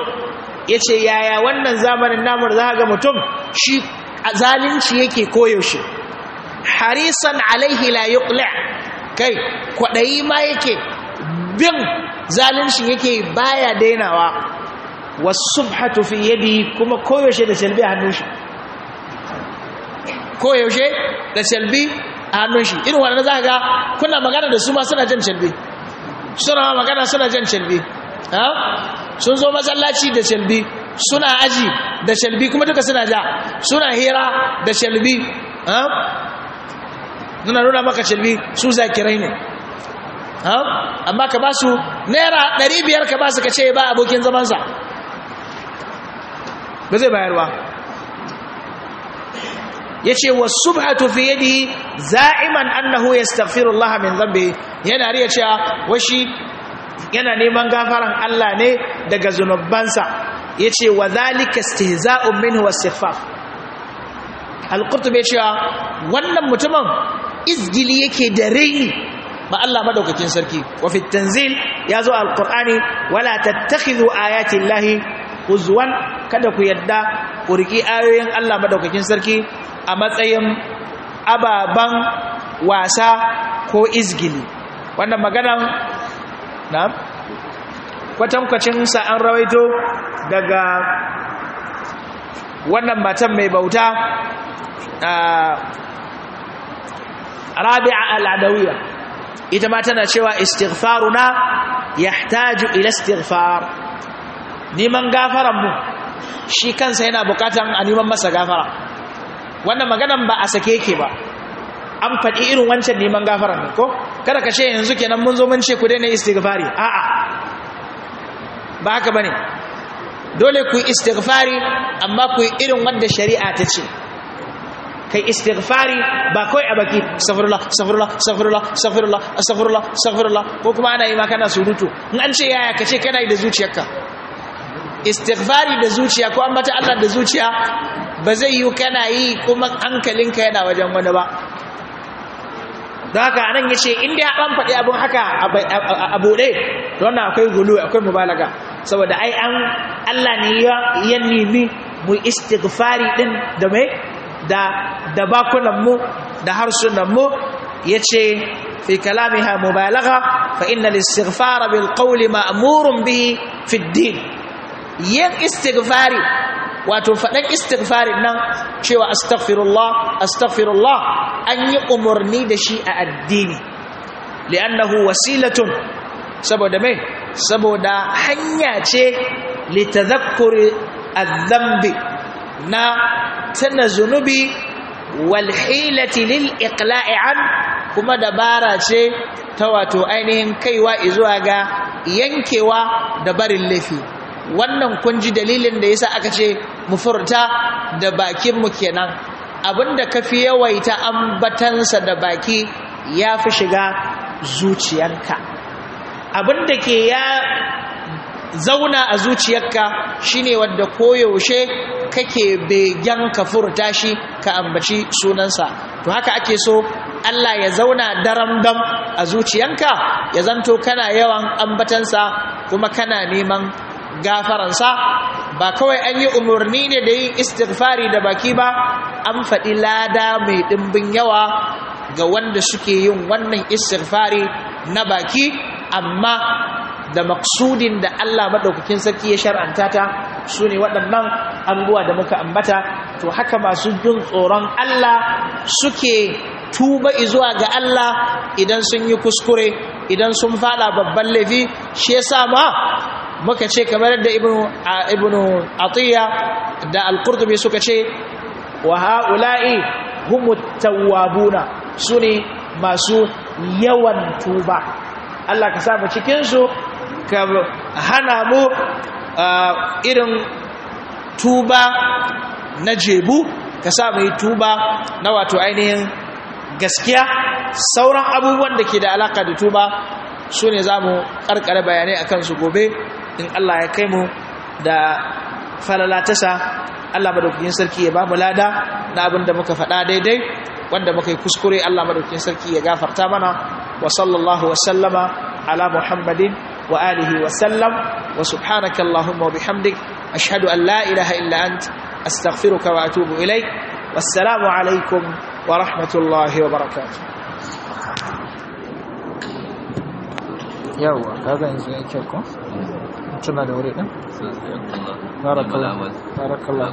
[SPEAKER 1] ya ce yaya wannan zamanin namur za ga mutum shi zalunci yake koyaushe harisan alaihi la yuqla kai kwaɗayi ma yake bin zalunci yake baya dainawa wasu fi yadi kuma koyaushe da salbi hannun shi koyaushe da shalbi a hannun shi irin wadanda za ga kuna magana da su ma suna jan shalbi suna magana suna jan shalbi sun zo matsalaci da shalbi suna aji da shalbi kuma duka suna ja suna hira da shalbi nuna nuna maka shalbi su zakirai ne amma ka ba su naira 500 ka ba su ka ce ba abokin zamansa ba zai bayarwa yace wasubhatu subhatu fi yadihi za'iman annahu yastaghfirullaha min dhanbi yana riya cewa washi yana neman gafaran Allah ne daga zunubansa yace wa zalika istihza'un minhu was al-qurtubi cewa wannan mutumin izgili yake da raini ba Allah madaukakin sarki wa fi tanzil ya zo Al-Qur'ani wala tattakhidhu ayati llahi uzwan kada ku yadda ku riƙi ayoyin Allah madaukakin sarki a matsayin ababen wasa ko izgili wannan maganan na kwatankwacinsa an rawaito daga wannan matan mai bauta rabi'a al'adawiya ita ma tana cewa istighfaruna yahtaju ila istighfar neman gafaran mu shi kansa yana bukatan a neman masa gafara wannan maganan ba a sake ke ba an faɗi irin wancan neman gafara ne ko kada ka ce yanzu kenan mun zo mun ce ku daina istighfari a'a ba haka bane dole ku istighfari amma ku irin wanda shari'a ta ce kai istighfari ba kai a baki safurla safurla safurla safurla safurla ko kuma ana yi ma kana surutu in an ce yaya ka ce kana yi da zuciyarka istighfari da zuciya ko ambata Allah da zuciya ba zai yi kana yi kuma hankalinka yana wajen wani ba don haka anan ya ce inda ya an faɗi abin haka a buɗe to wannan akwai gulu akwai mubalaga saboda ai an Allah ne ya nemi mu istighfari din da mai da da bakunanmu da harsunanmu ya ce fi kalamiha mubalaga fa inna istighfara bil qawli ma'murun bihi fi din yin istighfari wato faɗan istighfarin nan cewa astaghfirullah astaghfirullah an yi umarni da shi a addini li'annahu wasilatun saboda mai saboda hanya ce litadhakkuri adh na tana zunubi wal hilati lil iqla'i an kuma dabara ce ta wato ainihin kaiwa izuwa ga yankewa da barin laifi wannan kun ji dalilin da yasa aka ce mu furta da bakin mu kenan abinda kafi yawaita ambatansa da baki ya fi shiga zuciyarka abinda ke ya zauna a zuciyarka shine wanda koyaushe kake begen ka furta shi ka ambaci sunansa to haka ake so Allah ya zauna daramdam a zuciyarka ya zanto kana yawan ambatansa kuma kana neman gafaransa ba kawai an yi umarni ne da yin istighfari da baki ba an faɗi lada mai ɗimbin yawa ga wanda suke yin wannan istighfari na baki amma da maksudin da Allah maɗaukakin sarki ya shar'anta ta su ne waɗannan abubuwa da muka ambata to haka masu jin tsoron Allah suke tuba zuwa ga Allah idan sun yi kuskure idan sun faɗa babban laifi shi yasa ma muka ce kamar da ibnu ibnu atiya da al-qurtubi suka ce wa haula'i humut tawwabuna sune masu yawan tuba Allah ka sa mu cikin su ka hana mu irin tuba na jebu ka sa mu tuba na wato ainihin gaskiya sauran abubuwan da ke da alaka da tuba sune zamu karkara bayanai a kansu gobe in Allah ya kai mu da falala Allah madaukakin sarki ya ba mu lada na abin da muka faɗa daidai wanda muka yi kuskure Allah madaukakin sarki ya gafarta mana wa sallallahu wa sallama ala muhammadin wa alihi wa sallam wa subhanaka allahumma wa bihamdik ashhadu an la ilaha illa ant astaghfiruka wa atubu ilaik wassalamu alaikum wa rahmatullahi wa barakatuh yawa kaga in yake ko شو ما بارك الله بارك الله